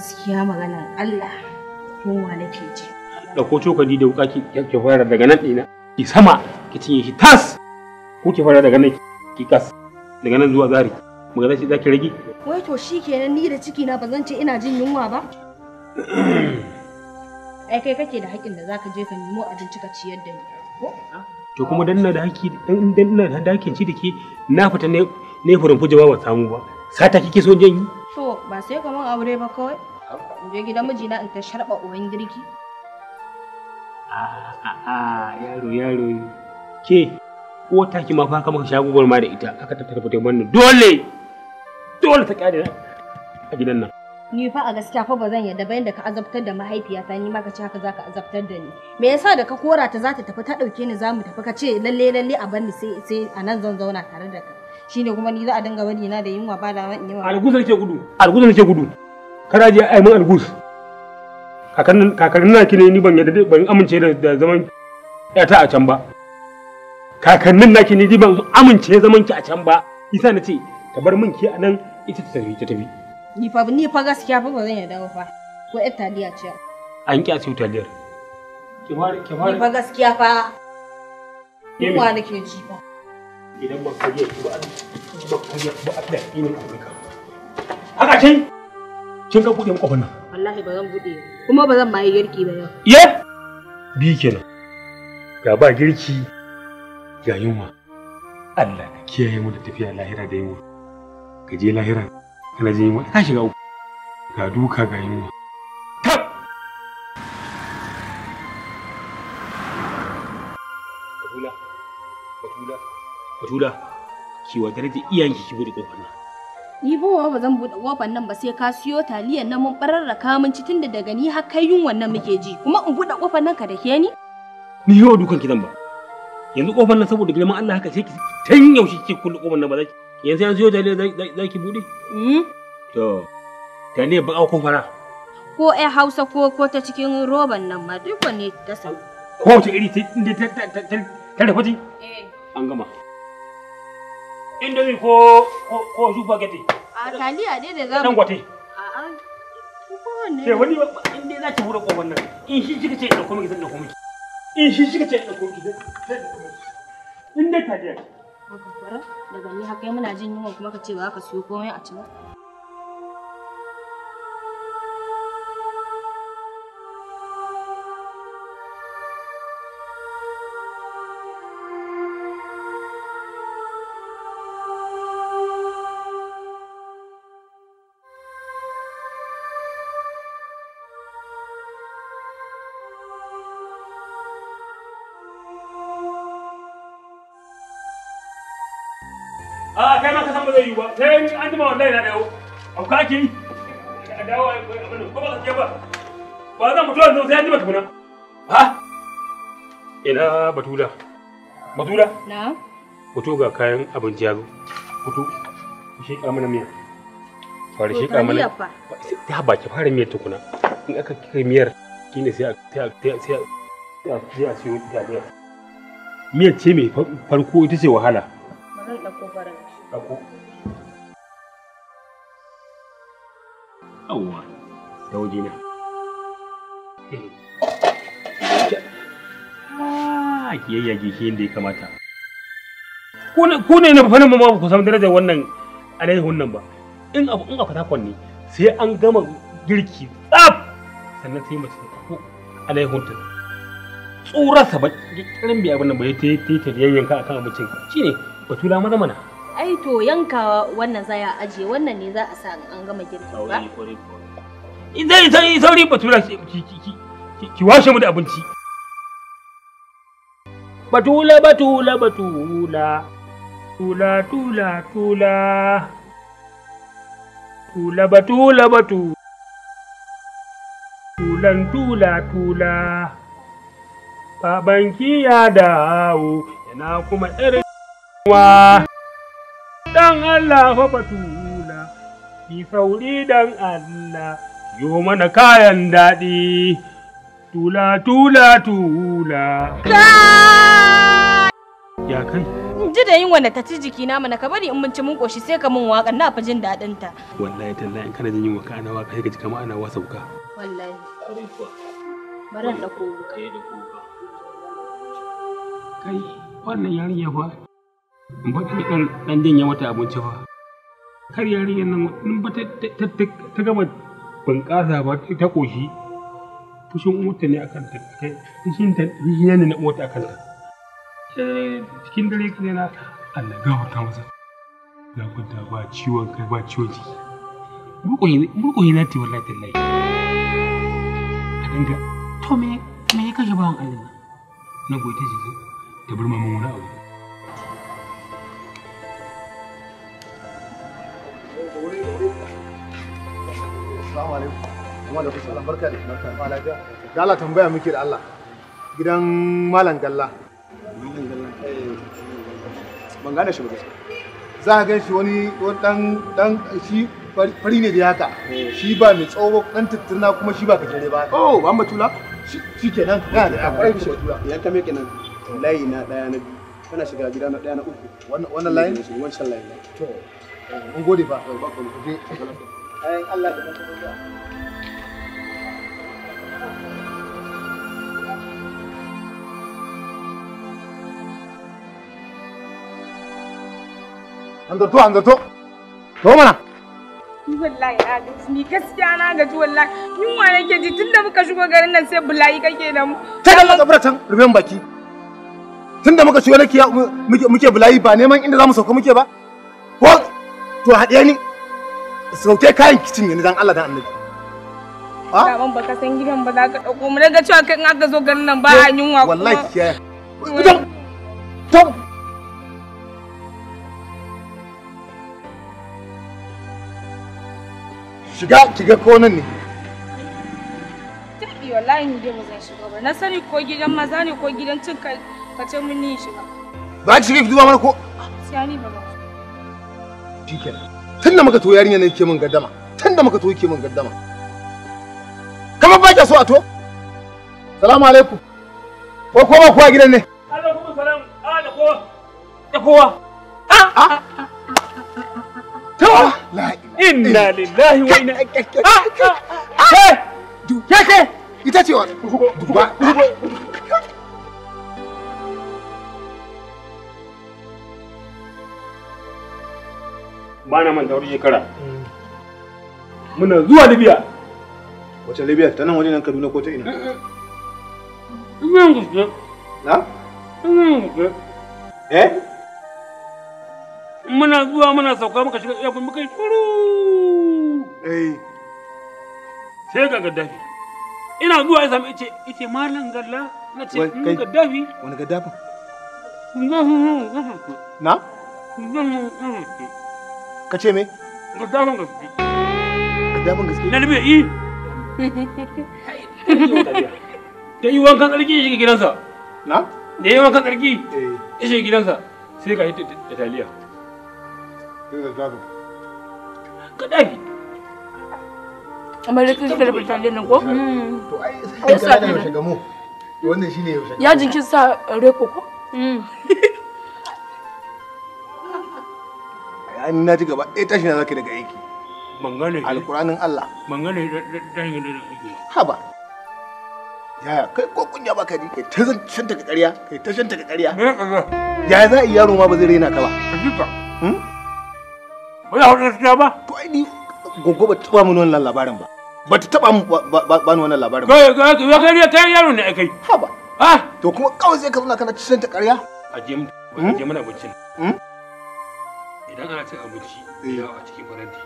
gaskiya maganar Allah yunwa nake ji ɗauko cokali da wuƙa ki fara daga nan ɗina ki sama ki cinye shi tas ko ki fara daga nan ki kas daga nan zuwa zari magana shi zaki rage wai to shi kenan ni da ciki na ba zan ce ina jin yunwa ba ai kai kake da haƙƙin da zaka je ka nemo abinci ka ciyar da ni to kuma dan na da haƙƙi dan na da haƙƙin ci da ke na fita ne ne furin fujewa ba samu ba sata kike so jin yi To ba sai kaman aure ba kawai. In je gidan mijina in ta sharɓa uwan girki. A'a yaro yaro ke ko ta ki ma fa kama ka shagugwar ma da ita aka ta tarfa taimakon dole dole ta kyale a gidan nan. ni fa a gaskiya fa ba zan yadda ba yadda ka azabtar da mahaifiyata ni ma ka ce haka ka azabtar da ni me yasa da ka kora ta za ta tafi ta dauke ni za mu tafi ka ce lalle lalle a bar ni sai a nan zan zauna tare da ka shine kuma ni za a dinga wani na da yunwa ba da wani yunwa alguz nake gudu alguz nake gudu kada je ai mun alguz kakannin kakannin naki ne ni ban yadda ban amince da zaman yata a can ba kakannin naki ne ni ban amince zaman ki a can ba isa na ce ka bar min ki a nan ita ta tafi ta tafi ni fa ni fa gaskiya fa ba zan yadda ba fa ko ƴar taliya ce an ki a siyo taliyar ki fara ki fara ni fa gaskiya fa ni wa nake ji fa idan ba kariya ki ba ba kariya ba Allah ya yi ka haka kin kin ka bude makofin nan wallahi ba zan bude kuma ba zan ma yi girki ba yau ye bi kenan ga ba girki ga yunwa Allah ka kiyaye mu da tafiya lahira da yunwa ka je lahira kana je yunwa ka shiga uku ga duka ga yunwa Batula, Batula, Batula, ki wadare da iyayenki ki bude kofar nan. Ni ba ba zan bude kofar nan ba sai ka siyo taliyan nan mun da mun ci tunda daga ni har kai yunwan nan muke ji kuma in bude kofar nan ka da ke ni. Ni yawa dukan ki zan ba. Yanzu kofar nan saboda girman Allah haka sai ki tan yaushe ki kullu kofar nan ba zaki. Yanzu yanzu yau taliya za ki bude? To, taliya ba ko fara. Ko ai Hausa ko ko ta cikin roban nan ma duk wanne ta sau. Ko ta iri ta ta ta ta ta ta ta indomi ko ko spaghetti a a dai da zamu dan gote a a sai wani in dai zaki bude kofar nan in shi kika ce da komai zan da komai in shi kika ce da komai sai da kuma in dai taliya daga ni haka muna jin yunwa kuma ka ce ba ka siyo komai a ci ba a kai ma ka san ba zai yi ba sai an jima wallahi na dawo au ka ki a dawo ko abin ko ba ka ke ba ba zan mutu yanzu sai an jima tukuna ha ina batula batula na fito ga kayan abinci ya zo shi ka mana miya fara shi ka mana ta ba ki fara miyar tukuna in aka kika miyar shine sai a sai a sai a siyo taliya miyar ce mai farko ita ce wahala kan ɗauko farin. Ɗauko. Yawwa, da waje eh. na. Ah, ki yayyage ki yadda ya kamata. Ku ne na fanin ma ku samu darajar wannan alaihun nan ba. In abu in akwata kwanne sai an gama girki tsaf sannan sai mace ta ko alaihun ta. Tsurarsa ba ƙirin bai abin nan ba ya ta yi ta yayyanka abincin shi ne batula maza mana ai to yankawa wannan za a aje wannan ne za a sa an gama girki ba in zai sai sauri batula ki washe mu da abinci batula batula batula tula tula tula tula batula batu tulan tula tula babanki ya dawo yana kuma irin Wa dan Allah fa batula, bi sauri dan Allah, yo mana kayan daɗi, tula tula tula. Ya kai? Ji da yin wanda ta ci jiki na mana ka bari in mun ci mun koshi sai ka mun waƙa na fa jin daɗin ta. Wallahi tallahi in kana jin yin waƙa ana waƙa sai ka ji kamar ana wasa wuka. Wallahi. Baran da ko wuka. Kai wannan yarinya fa baƙi ɗan ɗan janye mata abinci fa kar yarinyar nan in ba ta gama bunƙasa ba ta koshi. fushin uwarta ne akan ta fushin ta ne na uwarta akan ta cikin dare ka na Allah gafarta masa na kwanta ba ciwon kai ba ciwon jiki burkoyi na tiwon latin lai a dinga to me me ya kashe bawan Allah na goyi ta jiki ta bar mamun wani abu Assalamu alaikum. Kuma da kusa barka da lafiya. Da Allah tambaya muke da Allah. Gidan Malam Galla. Malam Galla. Eh, ban gane ba gaskiya. Za a gan shi wani dan dan shi fari ne da yaka. Eh. Shi ba mai tsawo dan tutturna kuma shi ba gajere ba. Oh, ba tula. Shi kenan. Ya da akwai shi tula. Ya kame kenan. Layi na daya na biyu. Kana shiga gida na daya na uku. Wannan layi? Wancan layin. To. Eh, mun gode ba. Ba ku je. ayan Allah da mutum an hanzarto to mana wallahi Alex ni gaskiya na gaji wallahi yunwa nake ji da muka shigo garin nan sai bulayi kake da mu ta da makabaratan ruben baki tunda muka shigo nake muke bulayi ba neman inda zamu sauka muke ba ko to haɗe ni sauke kayan kicin ne dan Allah dan annabi Ah? ban baka san gidan ba za ka dauko mu daga cewa kai in aka zo garin nan ba an eh, yunwa kuma wallahi kiyaye gidan tom shiga kiga ko nan ne tabi wallahi ni dai ba zan shiga ba na sani ko gidan maza ne ko gidan cin kai ka ce mun ni shiga ba ki shiga ki duba mana ko sai ni ba ba shikenan tun da muka to yarinya ne ke min gaddama muka to ke min gaddama kamar ba kya so a to salamu alaikum ko ko ba kuwa gidan ne alaikum salam a da kowa da kowa to inna lillahi wa inna ilaihi ke ke ita ce wa duba ba na manta wata shekara mm. muna zuwa libya wace libya ta nan waje nan kaduna ko ta ina eh, eh. na? eh? muna zuwa muna sauka muka shiga iyakun muka yi shuru sai ga gaddafi ina zuwa isa sami ice ice malam galla na ce hmm, gaddafi wani gaddafin na? ka ce me gaddaban gaske gaddaban gaske na nabi yi eh. da yi wankan tsarki ya shiga gidansa na da yi wankan tsarki ya eh. shiga gidansa sai ka yi da taliya gaddafi amma da kin shiga da taliya nan ko mm. to ai sai ka ga da yaushe gamo wannan shine yaushe ya jinkin sa reko ko mm. an na ji gaba tashi na daga aiki Allah dan yi aiki haba yaya kai ko kunya baka ji kai ta ta kai ta ya za a yi yaro ma ba zai raina ka ba hmm? ba a wannan labarin ba ba ta taba mu ba labarin ba kai yaro ne haba ah to kuma kawai sai ka zauna kana ta kariya. a je mu hmm? a na mana idan ana cin abinci eh. yawa a cikin faranti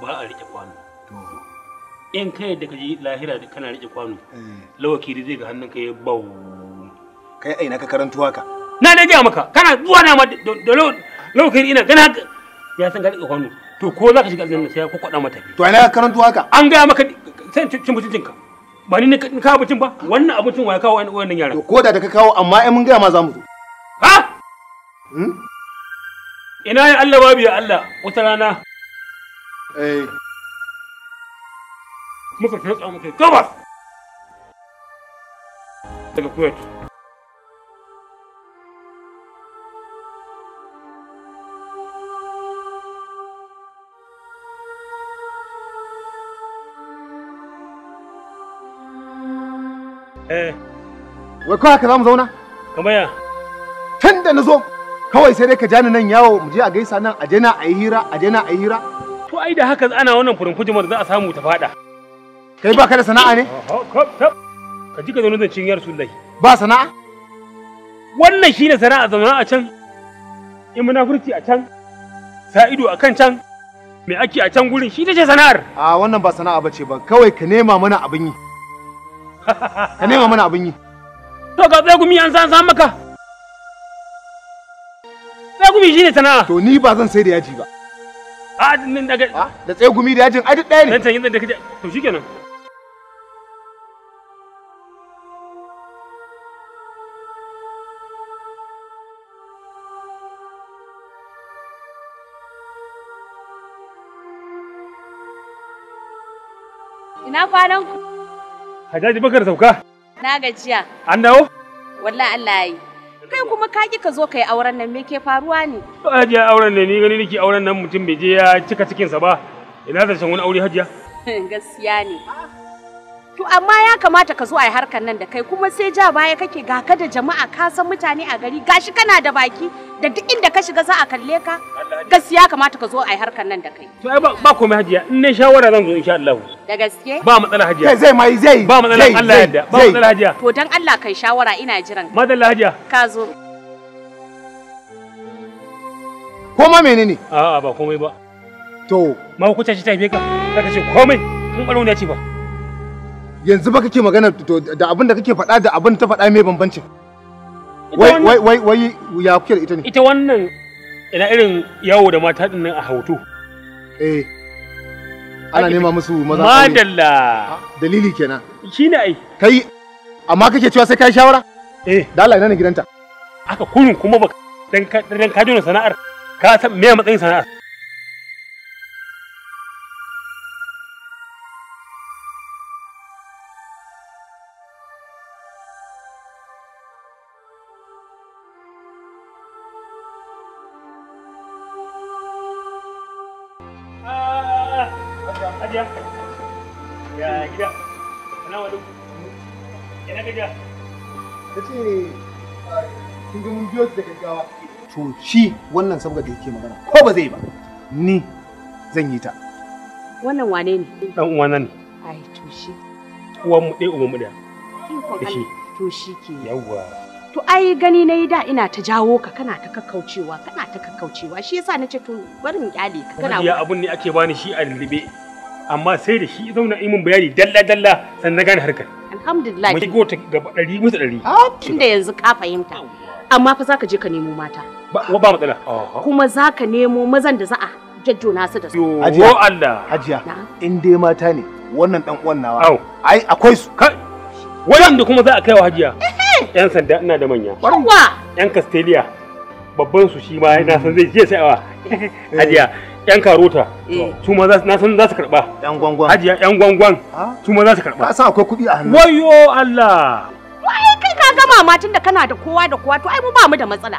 ba a rike kwano in kai da kaji lahira da kana rike kwano eh. lawakiri zai ga hannun ka ya bau kai aina ka karantu haka na da gaya maka kana zuwa na da lawakiri ina gana ya san ka rike kwano to ko za ka shiga aljanna sai ko kwada mata to ina ka karantu haka an gaya maka sai cin mutuncin ka ba ni ka kawo abincin ba wannan abincin wa ya kawo wannan yaran to ko da ka kawo amma in mun gaya ma za mu zo ha hmm? ina ya Allah babu ya Allah wata rana eh muka tsotsa muka gabas daga Kuwait Eh. Wai kawai ka za mu zauna? Kamar ya? Tun da na zo kawai sai dai ka jani nan yawo mu je a gaisa nan a je na a yi hira a je na a yi hira to ai da haka ana wannan furin da za a samu ta fada kai ba ka da sana'a ne ka ji ka zaune da cinyar sullai ba sana'a wannan shine sana'a zaune a can in munafurci a can sa ido a kan can me ake a can gurin shi ta ce sana'ar a wannan ba sana'a bace ba kawai ka nema mana abin yi ka nema mana abin yi to ga tsegumi an san san maka gumi shine sana'a to ni ba zan sai da yaji ba a ah, nan daga ah, da tsegumi da yajin ai duk ɗaya ne Dan tanyin da kaje to shikenan Ina kwanan ku? Hajaji Bakar sauka. Na gajiya. An dawo? Wallahi Allah ya yi. kai kuma ka ki ka zo kai auren nan me ke faruwa ne to hajiya auren ne ni gani nake auren nan mutum bai je ya cika cikin sa ba ina zan san wani aure hajiya gaskiya ne to amma ya kamata ka zo a harkan nan da kai kuma sai ja baya kake ga ka da jama'a ka san mutane a gari gashi kana da baki da duk inda ka shiga za a kalle ka gaskiya kamata ka zo a yi harkar nan da kai to ai ba komai hajiya in ne shawara zan zo insha Allah da gaske ba matsala hajiya zai mai zai ba matsala Allah yadda ba matsala hajiya to dan Allah kai shawara ina jiran madalla hajiya ka zo koma menene a'a ba komai ba to ma hukunta shi ta haife ka ka ce komai mun ɓarau ne ya ce ba yanzu ba kake magana da abin da kake faɗa da abin ta faɗa mai bambancin wai wai wai ya kuke da ita ne ita wannan ina irin yawo da mata din nan a hoto eh ana nema musu maza madalla ah, dalili kenan shine ai kai amma kake cewa sai kai shawara eh da Allah ina ne gidanta aka kunun kuma ba dan ka dan ka sana'ar ka san me matsayin sana'ar shi wannan sabga da yake magana ko ba zai ba ni zan yi ta wannan wane ne dan uwana ne ai to shi uwan mu dai uwan mu da shi eh. to shi ke yawa to ai gani nayi da ina ta jawo ka kana ta kakkaucewa kana ta kakkaucewa shi yasa nace to barin kyale ka kana ya abun ne ake bani shi a lullube amma sai da shi zauna imin bayani dalla dalla na gane harkar alhamdulillah mu go ta gaba dari musu dari. tunda yanzu ka fahimta amma fa zaka je ka nemo mata ba matsala kuma za ka nemo mazan da za a jajjona su da su yo Allah hajiya in dai mata ne wannan dan uwan nawa ai akwai su wanda kuma za a kaiwa hajiya yan sanda ina da manya yan castelia babban su shi ma na san zai je sai awa eh. hajiya yan karota eh. su ma na san za su karba yan gwangwan hajiya yan gwangwan su ma za su karba ka san akwai kuɗi a hannu wayo Allah wai kai ka ga ma da kana da kowa da kowa to ai mu ba mu da matsala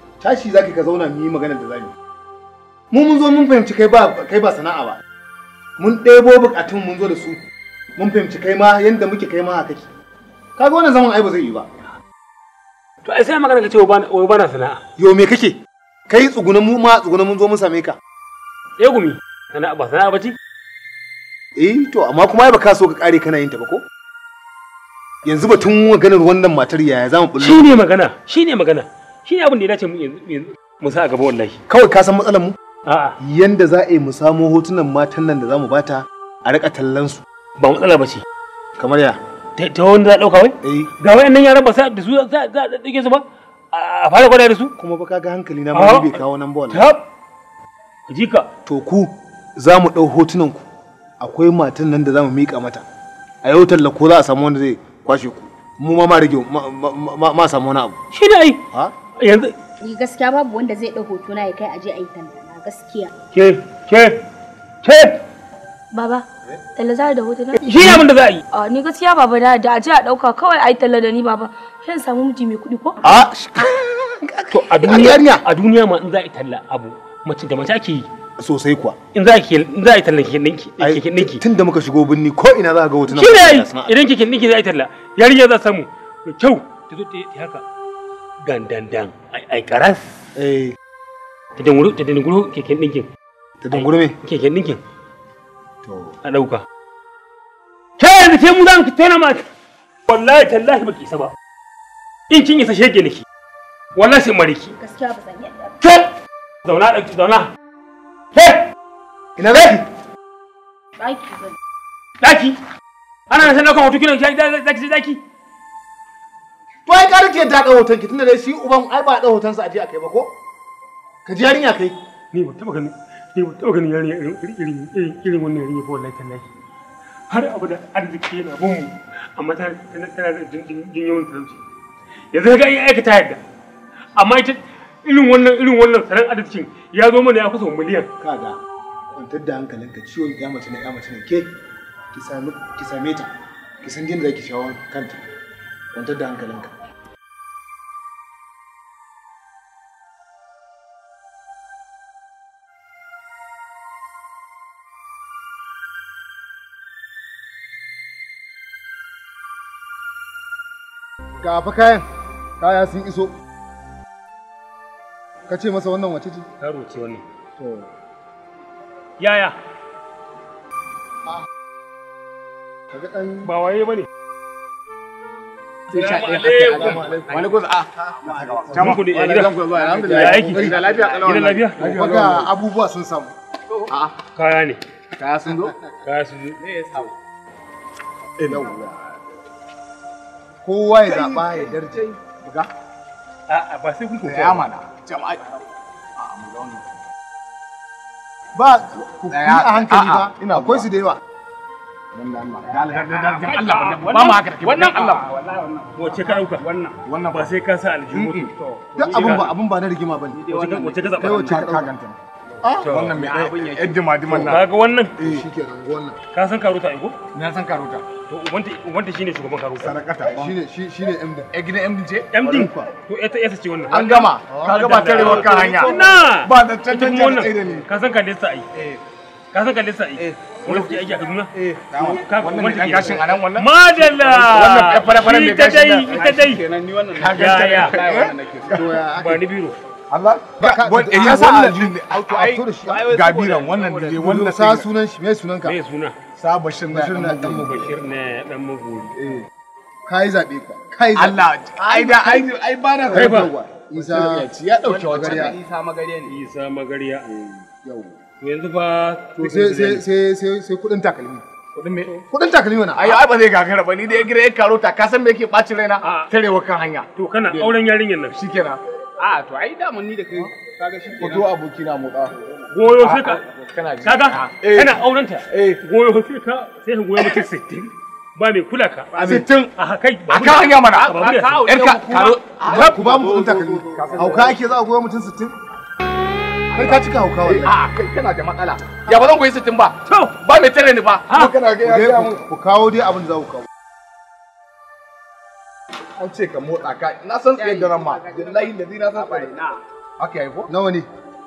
tashi zaki ka zauna mu yi magana da zamu mu mun zo mun fahimci kai ba kai ba sana'a ba mun ɗebo bukatun mun zo da su mun fahimci kai ma yanda muke kai ma haka kaga wannan zaman ai ba zai yi ba to ai sai magana ka ce wa ba na sana'a yo me kake kai tsugunan mu ma tsugunan mun zo mun same ka eh gumi sana'a ba sana'a bace eh to amma kuma ai ba ka so ka kare kana yin ta ba ko yanzu batun maganar wannan matar yaya za mu bullo shine magana shine magana shi ne abin da ya dace mu sa a gaba wallahi kawai ka san matsalar mu a'a yanda za a yi mu samo hotunan matan nan da za mu bata a rika tallan su ba matsala ba ce kamar ya ta wanda za a dauka wai eh. ga nan yaran ba sa da su za a ɗauke su ba a fara gwada da su kuma ba kaga hankali na ma bai kawo nan ba wallahi jika to ku za mu ɗau hotunan ku akwai matan nan da za mu miƙa mata a yau talla ko za a samu wanda zai kwashe ku mu ma ma rage ma samu wani abu shi ne ai yanzu gaskiya babu wanda zai ɗau hoto na ya kai aje a yi tantana gaskiya ke ke ke baba talla za da hoto na shi abin da za a yi a ni gaskiya baba na da aje a ɗauka kawai a yi talla da ni baba shan samu miji mai kuɗi ko a to a duniya a duniya ma in za a yi talla abu mace da mace ake yi sosai kuwa in za ki in za a yi talla ki ninki ki ninki da muka shigo binni ko ina za ka ga hotunan shi ne idan ki ninki za a yi talla yarinya za samu kyau ta zo ta yi haka gandandan ai karas eh ta danguru ta danguru keken dinkin ta danguru me keken dinkin to a dauka ke yanzu ke mu zan ki tona ma wallahi tallahi baki isa ba in kin isa shege niki wallahi sai mariki gaskiya ba zan yadda ke zauna dauki zauna ke ina ki daki daki ana nan sai na kan hoto kina zaki zaki to ai ƙara ke ka hoton ki tunda dai shi uban ai ba da hoton sa aje a kai ba ko ka ji yarinya kai ni ba taba ganin ni ba taba ganin yarinya irin irin irin irin wannan yarinya ko wallahi tallahi har abada arziki yana bin mu amma tana tana da jin yawan talauci yanzu ga ai ta yadda amma ita irin wannan irin wannan sanan arzikin ya zo mana ya kusa miliyan kaga kwantar da hankalinka ciwon ya mace na ya mace ne ke ki same ta ki san yadda zaki shawo kanta kwantar da hankalinka ga fa kayan kaya sun iso ka ce masa wannan wace ce yaro ce wannan to yaya ah. ka ga dan ba waye bane ah, abubuwa sun samu. Kaya ne. Kaya sun zo? Kaya sun zo. kowa ya zaɓa ya darje buga a ba sai kun ya mana jama'a a mu zauna ba ku yi a hankali ba ina akwai su da yawa wannan Allah wace ka dauka wannan ba sai ka sa aljihu duk abun ba abun ba na rigima bane wace ka zaba wace ka ganta ah? wannan mai abun yadda madiman nan kaga wannan eh, shikenan wannan ka san karuta ai ko na san karuta wanda shine shugaban karo sarakata shine shine MD eh MD ce MD to ita ita ce wannan an gama oh, ka gama tarewa kan hanya ba da tantance da ne ka san ka lissa ai ka san ka lissa ai wani kuke aiki a Kaduna eh wannan dan gashin anan wannan madalla wannan fara fara mai dai dai ni wannan ya ya ba ni biro Allah eh, ya eh, sa auto shi gabiran wannan ne wannan sa sunan shi me sunan ka me sunan sa bashir na dan mubashir eh. ne ka yi zaɓe ka Allah ai da ai ai ba na kai ba Isa ya Isa magariya ne Isa magariya eh. yau yanzu fa to sai sai sai sai sai kudin takalmi kudin me kudin takalmi na ai ai ba zai gagara ba ni da ya gira ya karo ta ka san me yake bacin raina tarewa kan hanya to kana auren yarinyar nan shikenan a to ai da mun ni da kai kaga shi ko to abokina mu goyo sai ka kaga kana auren ta goyo sai ka sai ka goyo mutum 60 ba mai kula ka a kai a kan hanya mana yar ka karo ku ba mu kunta ka hauka ake za a goyo mutum kai ka cika hauka wallahi a kai kana da matsala ya ba zan goyi ba ba mai tare ni ba ku kawo dai abin za ku kawo an ce ka motsa ka na san tsayin daren ma da layin da zai na san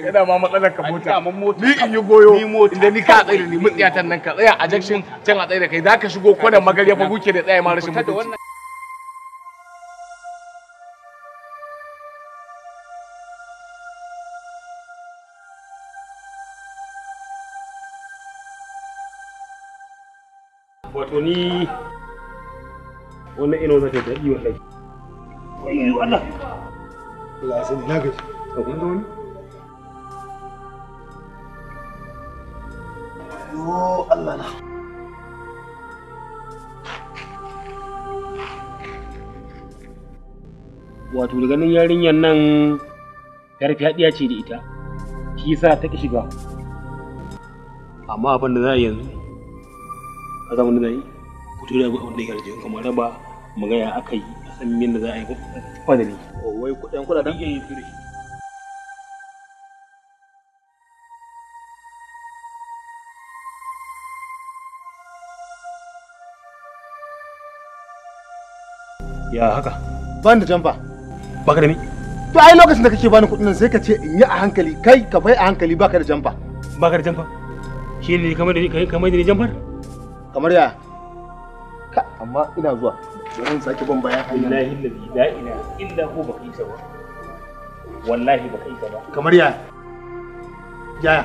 yana ma matsalar ka mota ni in yi goyo inda ni ka tsaye ni mutsiyatan nan ka tsaya a jakshin can a tsaye da kai za ka shigo kwanan magarya fa kuke da tsaye ma rashin mutunci wato ni wannan ina wata da daɗi wallahi. yi ya sani na gaji. Ka kun wani? Allah na wato da ganin yarinyar nan yar haɗiya ce da ita shi sa ta ki shiga amma abin da za a yanzu a zamanin da yi fito da abin da ya rage kamar raba magana aka yi a san min da za a yi kwadari wai kudin kudaden? iya yi firishi ya haka Bani da jamfa baka da mi? to ai lokacin da kake bani kuɗin nan sai ka ce in yi a hankali kai ka bai a hankali baka da jamfa baka da jamfa shi ne kamar da ni kamar da ni jamfar kamar ya ka amma ina zuwa bari sake ban bayan hanya wallahi la ilaha illa hu baka isa ba wallahi baka isa ba kamar ya ya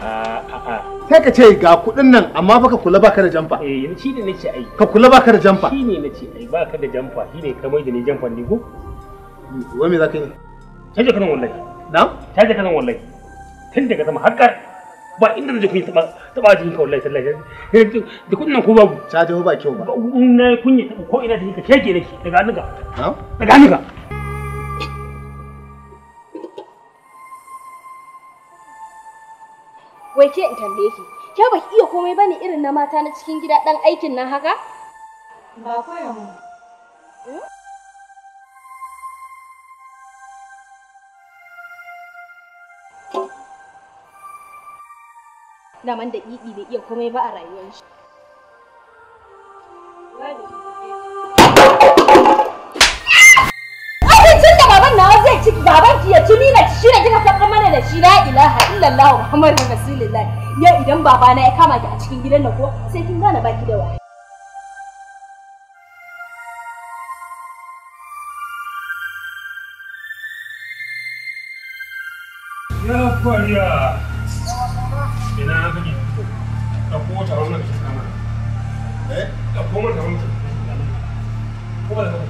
Ah ah. sai ka ce ga kuɗin nan amma baka kula baka da jamfa eh shi ne nace ai ka kula baka da jamfa ne nace ai baka da jamfa shi ne kamar da ni jamfa ne ko wa me zaka yi caje kanan wallahi na'am caje kanan wallahi tun daga sama har kar ba inda naje kunya taba taba jin ka wallahi tallahi da kuɗin nan ko babu caje ba kyau ba na kunya ko ina da kike shege nake daga ga na daga ga wai ke in tambaye ki ke ba iya komai bane irin na mata na cikin gida dan aikin nan haka ba koya mu hmm? Daman da ɗiɗi bai iya komai ba a rayuwar shi. ci baban ki ya ci ni na shi shine kika saka mana da shi la ilaha illallah muhammadur rasulullah ya idan baba na ya kama ki a cikin gidan nan ko sai kin gane baki da waye Ya kwariya. Ina kake? Ɗauko taron nan eh? da kama. Eh? Ɗauko mana taron nan. Ko ba da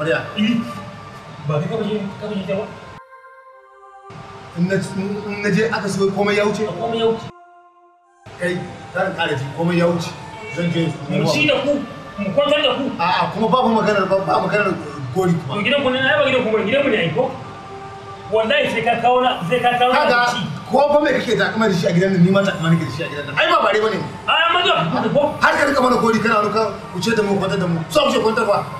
amarya ba kai ka ka ta ba in na je aka so komai ya wuce komai ya wuce kai zan kare ji komai ya wuce zan je mu ci da ku mu kwantar da ku a'a ah, ah, kuma babu magana ba gori kuma gidan ku ne na ba gidan ku gidan mu ne ko wallahi sai ka kawo na sai ka kawo na ci ko fa me kake takama da shi a gidan nan ni ma takama nake da shi a gidan nan ai ba bare bane ko har ka rika mana gori kana ruka ku da mu kwanta da mu so ku ce kwantar fa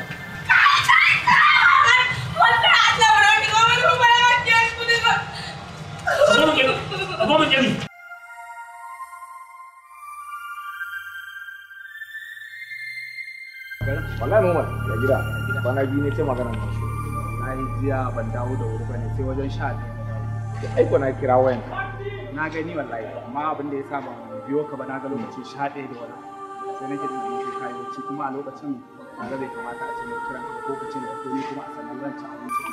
ɗauko min iri wallahi Muhammad ya gida bana biyu ne sai magana mu na yi jiya ban dawo da wuri bane sai wajen sha biyu ai ko na kira wayan na gani wallahi amma abin da ya sa ba biyo ka ba na ga lokacin sha ɗaya da wani sai nake da biyu sai kayi bacci kuma a lokacin ba zai kamata a ce mai kiran ka ko kacin da komai kuma a sanar zan ci abinci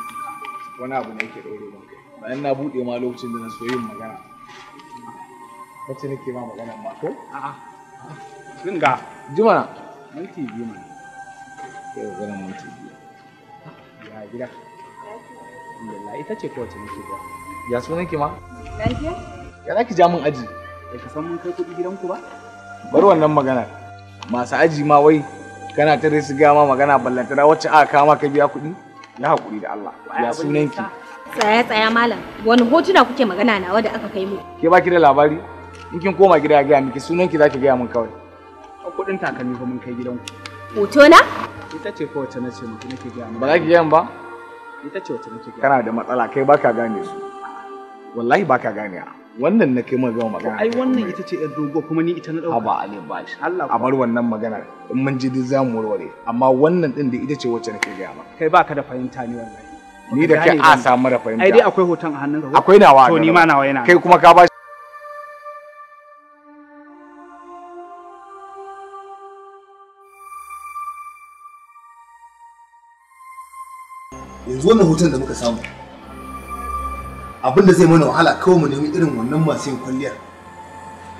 wani abu ne yake ɗaure ban kai bayan na buɗe ma lokacin da na so yin magana na ce nake ma magana ma ko a'a kin ga juma minti biyu ne ke magana minti biyu ya gida alhamdulillah ita ce kowace nake ba ya sunan ki ma lafiya ya zaki ja mun aji bai ka san mun kai kuɗi gidanku ba bar wannan magana masu aji ma wai kana ta dai su gama magana ballantana wacce aka kama ka biya kuɗi ya haƙuri da Allah ya sunanki tsaya tsaya malam wani hotuna kuke magana nawa da aka kai mu ke baki da labari in kin koma gida gaya miki sunan ki zaki gaya min kawai a kuɗin takalmi fa mun kai gidan ku. hoto na ita ce ko wacce nace miki nake gaya ba za ki gaya ba ita ce wacce nake gaya kana da matsala kai baka gane su wallahi baka gane a wannan na kai magana magana ai wannan ita ce yar dogo kuma ni ita na dauka ba ale ba shi Allah a bar wannan magana in mun ji duk zamu warware amma wannan din da ita ce wacce nake gaya ma. kai baka da fahimta ne wallahi ni da kai a samu da fahimta ai dai akwai hoton a hannunka akwai nawa to ni ma nawa yana kai kuma ka ba yanzu wannan hoton da muka samu abin da zai mana wahala kawai mu nemi irin wannan masu yin kwalliyar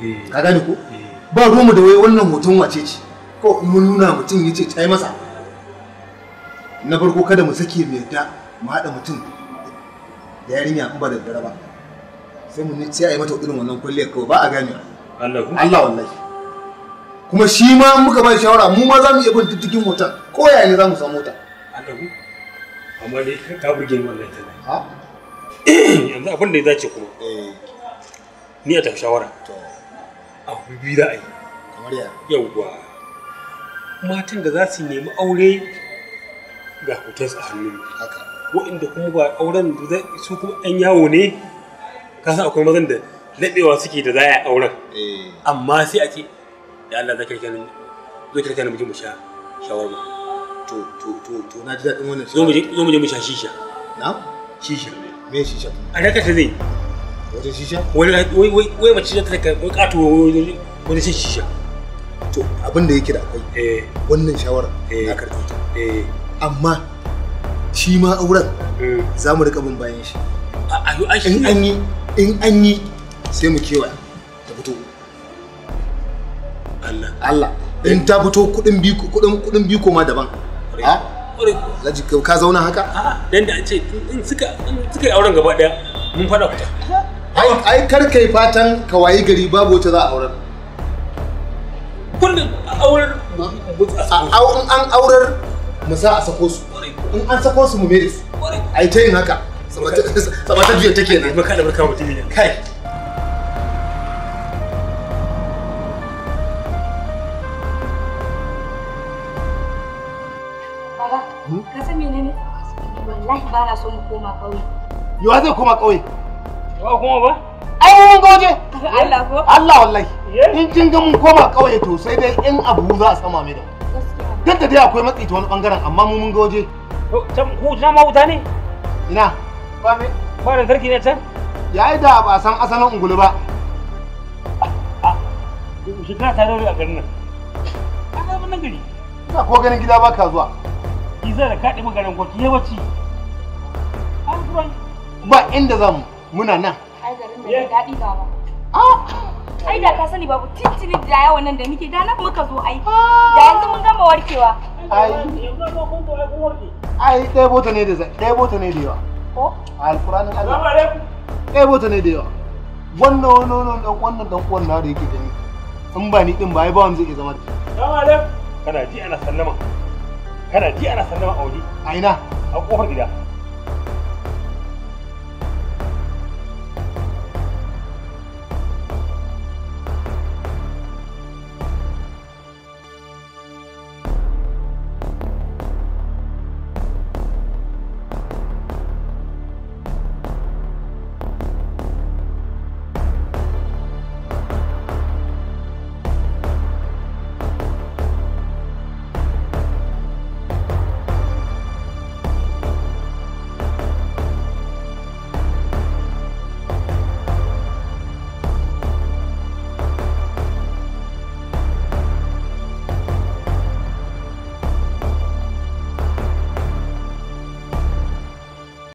eh. ka gane ko eh. ba mu da wai wannan hoton wace ce ko in mun nuna mutum ya ce ta yi masa na farko kada mu sake mu yadda mu haɗa mutum da yarinya in ba da dare ba sai mu sai a yi mata irin wannan kwalliyar kawai ba a gane Allah wallahi kuma shi ma muka ba shawara mu ma za mu iya bin diddigin hoton ko yaya ne za mu samu hoton amma dai ka burge ni ta ha yanzu abin da ya dace kuma eh. ni a tafi shawara to a yi kamar ya yawwa matan da za su nemi aure ga hotel a hannun haka waɗanda kuma ba auren su kuma ɗan yawo ne ka san akwai mazan da laɓewa suke da zaya auren eh. amma sai a ce da Allah zai kirkani da mu ji mu sha shawarma to to to to na ji daɗin wannan zo mu je zo mu je mu sha shisha na shisha me shisha a raka ta zai wata shisha wani wai wai wai mace ta daga wai kato wani sai shisha to abin da yake da akwai eh. wannan shawara eh. na karɓe ta eh. amma shi ma auren hmm. za mu riƙa bin bayan shi in an yi in an yi sai mu kewaya ta fito Allah Allah in ta fito kuɗin biko kuɗin biko ma daban a ka zauna haka dan da ce in suka in suka yi auren gaba daya mun fada ai ai kar kai fatan ka wayi gari babu wata za a auren kullum auren an aurar mu a sako su in an sako su mu mere su ai ta yin haka sabata juya take nan kai wallahi ba na so mu koma ƙauye yawa zai koma ƙauye ba kuma ba ai mun ga waje Allah ko Allah wallahi in kin ga mun koma ƙauye to sai dai in abu za a sama mai da duk da dai akwai matsi ta wani bangaren amma mu mun ga waje ku na ma wuta ne ina ba me ba lantarki ne can yayi da ba san asalin ungulu ba shekara ta daure a garin nan an zama nan gari ina ko ganin gida ba ka zuwa ki zai da kaɗe maganin gwaki yawanci ba inda za mu muna nan ai garin da daɗi baba ah! ai da ka sani babu tintini da yawan nan da muke da nan muka zo ai ah! da yanzu mun gama warkewa ai ai ɗaya bota ne da ɗaya bota ne da yawa ko alƙur'anin Allah ɗaya bota ne da yawa wannan wannan dan wannan dan uwan na da yake gani in ba ni din ba ai ba wanda zai zama da shi salamu alaikum kana ji ana sallama kana ji ana sallama a waje a ina a kofar gida